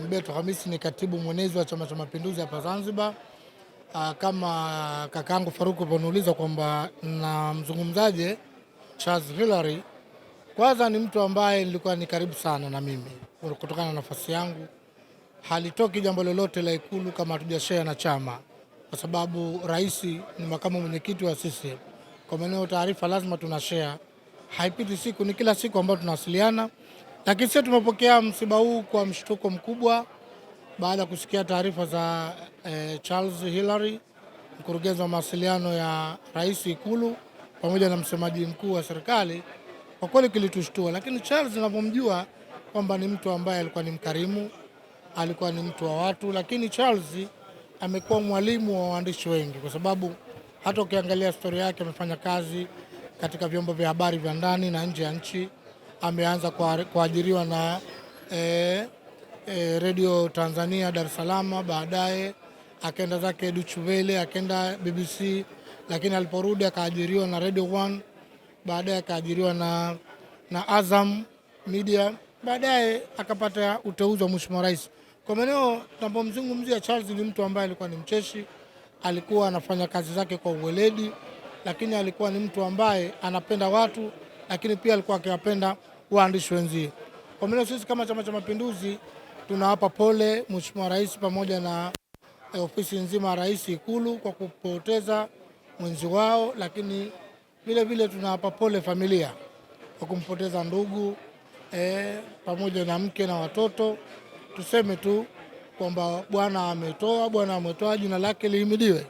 Mbeto Hamisi ni katibu mwenezi wa Chama cha Mapinduzi hapa Zanzibar. Ah, kama kakaangu Faruku poniuliza kwamba na mzungumzaje Charles Hillary, kwanza ni mtu ambaye nilikuwa ni karibu sana na mimi kutokana na nafasi yangu. Halitoki jambo lolote la Ikulu kama hatujashare na chama, kwa sababu rais ni makamu mwenyekiti wa sisi. Kwa maana taarifa lazima tunashare, haipiti siku, ni kila siku ambayo tunawasiliana lakini sisi tumepokea msiba huu kwa mshtuko mkubwa baada ya kusikia taarifa za eh, Charles Hilary, mkurugenzi wa mawasiliano ya rais Ikulu pamoja na msemaji mkuu wa serikali, kwa kweli kilitushtua. Lakini Charles ninavyomjua kwamba ni mtu ambaye alikuwa ni mkarimu, alikuwa ni mtu wa watu, lakini Charles amekuwa mwalimu wa waandishi wengi, kwa sababu hata ukiangalia historia yake amefanya kazi katika vyombo vya habari vya ndani na nje ya nchi ameanza kuajiriwa na e, eh, e, eh, redio Tanzania Dar es Salaam, baadaye akaenda zake Duchuvele, akaenda BBC, lakini aliporudi akaajiriwa na Radio One, baadaye akaajiriwa na, na Azam Media, baadaye akapata uteuzi wa Mheshimiwa Rais kwa maeneo. Tunapomzungumzia Charles ni mtu ambaye alikuwa ni mcheshi, alikuwa anafanya kazi zake kwa uweledi, lakini alikuwa ni mtu ambaye anapenda watu lakini pia alikuwa akiwapenda waandishi wenzie. Kwa maana sisi kama Chama cha Mapinduzi tunawapa pole Mheshimiwa Rais pamoja na eh, ofisi nzima ya Rais Ikulu kwa kupoteza mwenzi wao, lakini vilevile tunawapa pole familia kwa kumpoteza ndugu eh, pamoja na mke na watoto. Tuseme tu kwamba Bwana ametoa, Bwana ametoa, jina lake lihimidiwe.